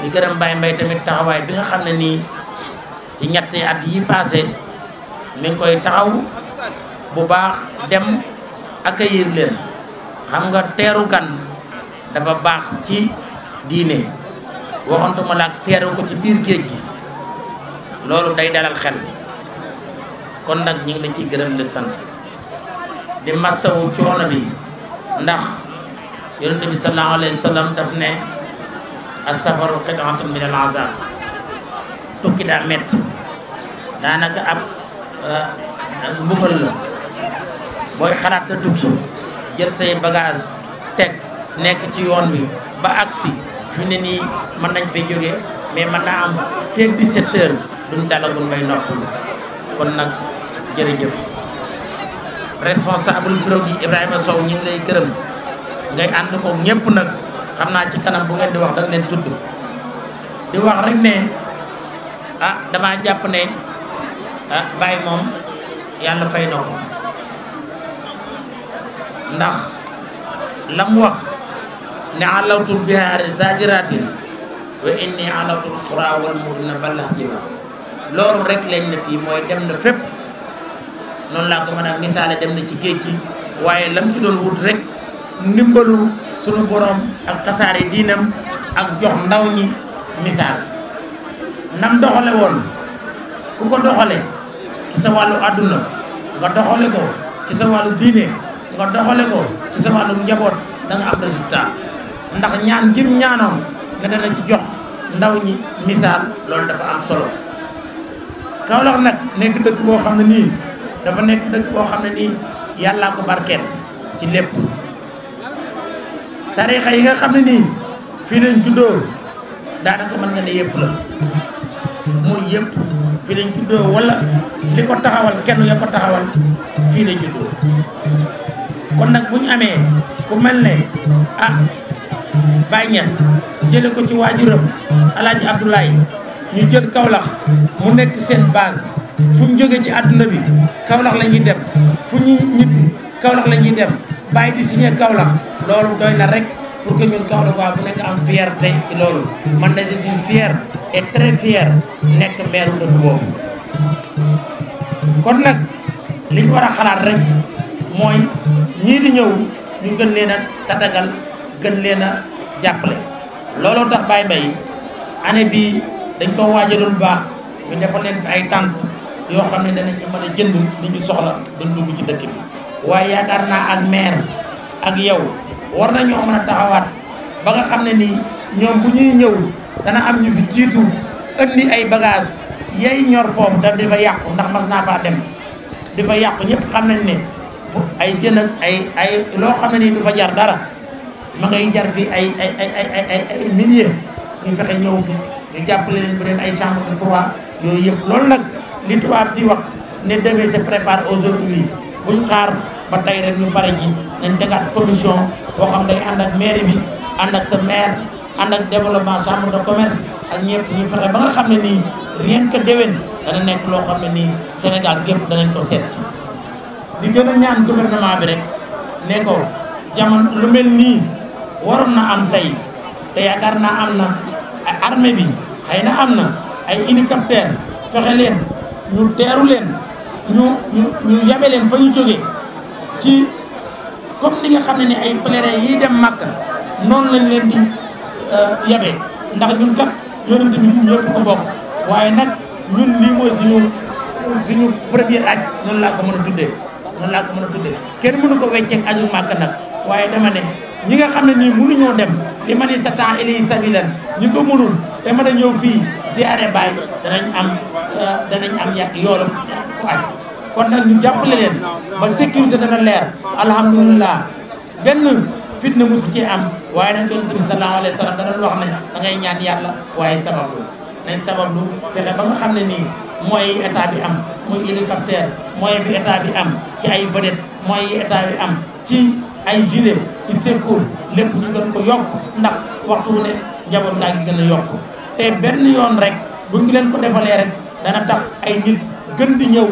di gërëm Baye Mbaye tamit taxawaay bi nga xam ne nii ci ñetti at yi passé mi ngi koy taxaw bu baax dem accueillir leen xam nga teeru gan dafa baax ci diine waxantuma la ak teeru ko ci biir géej gi loolu day dalal xel kon nag ñu ngi la ciy gërëm leen sant di massawu coono bi ndax yonente bi sallallahu alayhi wa daf ne as-safaru qit'atun min al-'azab tukki daa métti daanaka eh, ab mbugal la booy xalaat te tukki jël say bagage teg nekk ci yoon wi ba agsi fi ne nii mën nañ fay jóge mais man naa am feeg 17 heures duñ dalagul bay noppalu kon nag jërëjëf responsable bureau gi Ibrahima Sow ñu ngi lay gërëm ngay ànd ko ñëpp nag xam naa ci kanam bu ngeen di wax da nga leen tudd di wax rek ne ah damaa jàpp ne ah bàyyi moom yàlla fay na ndax la mu wax ne alawtul fii mooy dem na noonu laa ko mën a misaale dem na ci géej gi waaye lam ci doon wut rek ndimbalul sunu boroom ak kasaare diinam ak jox ndaw ñi misaal nam doxole woon ku ko doxale ci sa àdduna nga doxale ko ci sa wàllu diine nga doxale ko ci sa wàllu njaboot da nga am résultat ndax ñaan gim ñaanoon nga dana ci jox ndaw ñi misaal loolu dafa am solo Kaolack nag nekk dëkk boo xam ne nii dafa nekk dëkk boo xam ne nii yàllaa ko barkeel ci lépp tarixa yi nga xam ne nii fii lañ juddoo daanaka mën nga ne yëpp la muy yëpp fii lañ juddoo walla li ko taxawal kenn ya ko taxawal fii la juddoo kon nag bu ñu amee ku mel ne ah Baye Niass jële ko ci waajuram Alaaji Abdoulaye ñu jël kawlax mu nekk seen base fu ñu jógee ci àdduna bi Kaolack la ñuy dem fu ñu ñibbi Kaolack la ñuy dem bàyyi di signé Kaolack loolu doy na rek pour ko ñun Kaolack waa bu nekk am fierté ci loolu man de je suis fier et très fier nekk meeru dëkk boobu kon nag liñ ñu war a xalaat rek mooy ñii di ñëw ñu gën leen a tatagal gën leen a jàppale looloo tax baay Mbaye année bii dañ ko waajaloon bu baax ñu defal leen fi ay tànt yoo xam ne danañ ci mën a jënd li ñu soxla duñ dugg ci dëkk bi waaye yaakaar naa ak maire ak yow war nañoo mën a taxawaat ba nga xam ne nii ñoom bu ñuy ñëw dana am ñu fi jiitu indi ay bagage yay ñor foofu te di fa yàqu ndax mas naa faa dem di fa yàqu ñëpp xam nañ ne ay jën ak ay ay loo xam ne nii du fa jar dara ma ngay jar fi ay ay ay ay ay ay milliers ñu fexe ñëw fi ñu jàppale leen bu leen ay chambre de froid yooyu yëpp loolu nag li tubaab di wax ne demain se prépare aujourd'hui buñ xaar ba tey rek ñu pare ji nañ tegaat commission boo xam ne ànd ak mairie bi ànd ak sa maire ànd ak développement chambre de commerce ak ñëpp ñu fexe ba nga xam ne nii rien que déwén dana nekk loo xam ne nii Sénégal gépp danañ ko seet di gën a gouvernement bi rek ne ko jamono lu mel nii waroon na am tey te yaakaar naa am na armée bi xëy na am na ay hélicoptère fexe leen ñu teeru leen ñu ñu ñu yabe leen fa ñu jógee ci comme ni nga xam ne ni ay pèlerin yi dem Màkka noonu lañ leen di euh, yabee ndax ñun kat yonent bi ñun ñëpp waaye nag ñun lii mooy suñu suñu premier aj noonu laa ko mën a tuddee noonu laa ko mën a tuddee kenn mënu ko wecceeg aju Màkka nag waaye dama ne ñi nga xam ne nii mënuñoo dem li ma ni sa temps ilay sabilan ñi ko mënul te mën a ñëw fii ziare baay danañ am euh, danañ am yàq yoolu aj kon nag ñu jàppale leen ba sécurité dana leer alhamdulilah benn fitna mu ci am waaye nag yonent bi sallallahu alayhi wa sallam da doon wax ne da ngay ñaan yàlla waaye sabablu nañ sabablu fexe ba nga xam ne nii mooy état bi am muy hélicoptère mooy bi état bi am ci ay bëdet mooy yi état bi am ci ay gilet ci secours lépp ñu gën ko yokk ndax waxtu wu ne njaboot gaa ngi gën a yokk te benn yoon rek bu leen ko defalee rek dana tax ay nit gën di ñëw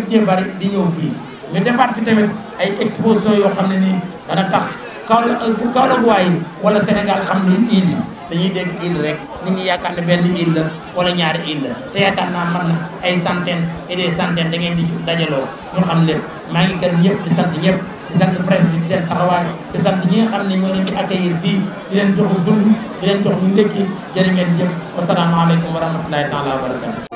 gën di ñëw fii ñu defaat fi tamit ay exposition yoo xam ne nii dana tax Kaolack euh, Kaolack waay wala Sénégal xam ni ñu indi dañuy dégg île rek nit ñi yaakaar ne benn île la wala ñaari île la te yaakaar naa man na ay centaines et des centaines da ngeen di dajaloo ñu xam lépp maa ngi gërëm ñëpp di sant ñëpp di sant presse bi di seen taxawaay di sant ñi nga xam ne ñoo leen di accueillir fii di leen joxu dund di leen jox ñu ndékki jërë ngeen jëf wasalaamaaleykum wa rahmatulahi